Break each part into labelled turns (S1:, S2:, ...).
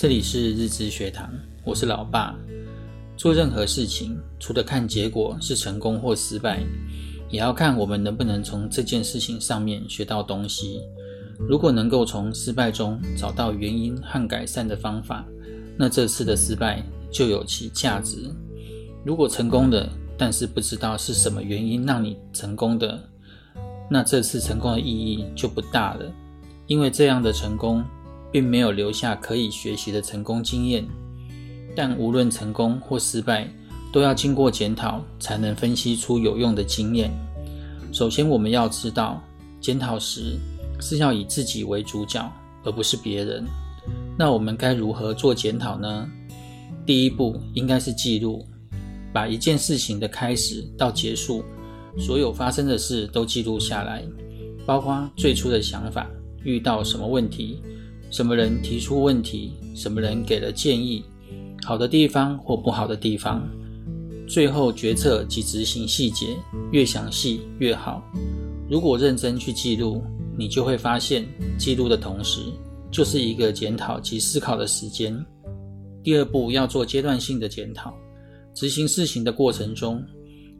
S1: 這裡是日知學堂，我是老爸。做任何事情，除了看結果是成功或失敗，也要看我們能不能從這件事情上面學到東西。如果能夠從失敗中找到原因和改善的方法，那這次的失敗就有其價值。如果成功了，但是不知道是什麼原因讓你成功的，那這次成功的意義就不大了，因為這樣的成功。並沒有留下可以學習的成功經驗，但無論成功或失敗，都要經過檢討，才能分析出有用的經驗。首先，我們要知道，檢討時是要以自己為主角，而不是別人。那我們該如何做檢討呢？第一步應該是記錄，把一件事情的開始到結束，所有發生的事都記錄下來，包括最初的想法，遇到什麼問題。什麼人提出問題，什麼人給了建議，好的地方或不好的地方，最後決策及執行細節越詳細越好。如果認真去記錄，你就會發現，記錄的同時就是一個檢討及思考的時間。第二步要做階段性的檢討，執行事情的過程中，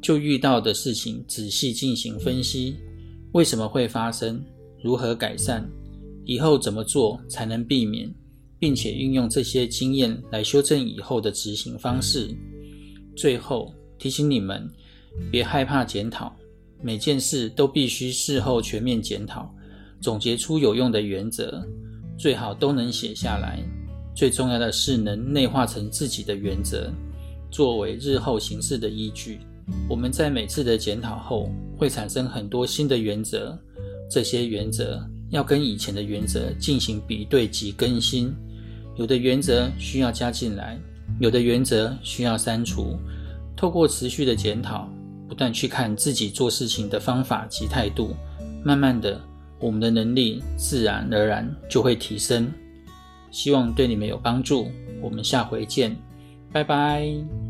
S1: 就遇到的事情仔細進行分析，為什麼會發生，如何改善。以後怎麼做才能避免，並且運用這些經驗來修正以後的執行方式。最後提醒你們，別害怕檢討，每件事都必須事後全面檢討，總結出有用的原則，最好都能寫下來。最重要的是能內化成自己的原則，作為日後行事的依據。我們在每次的檢討後會產生很多新的原則，這些原則，要跟以前的原則進行比對及更新，有的原則需要加進來，有的原則需要刪除。透過持續的檢討，不斷去看自己做事情的方法及態度，慢慢的，我們的能力自然而然就會提升。希望對你們有幫助，我們下回見，拜拜。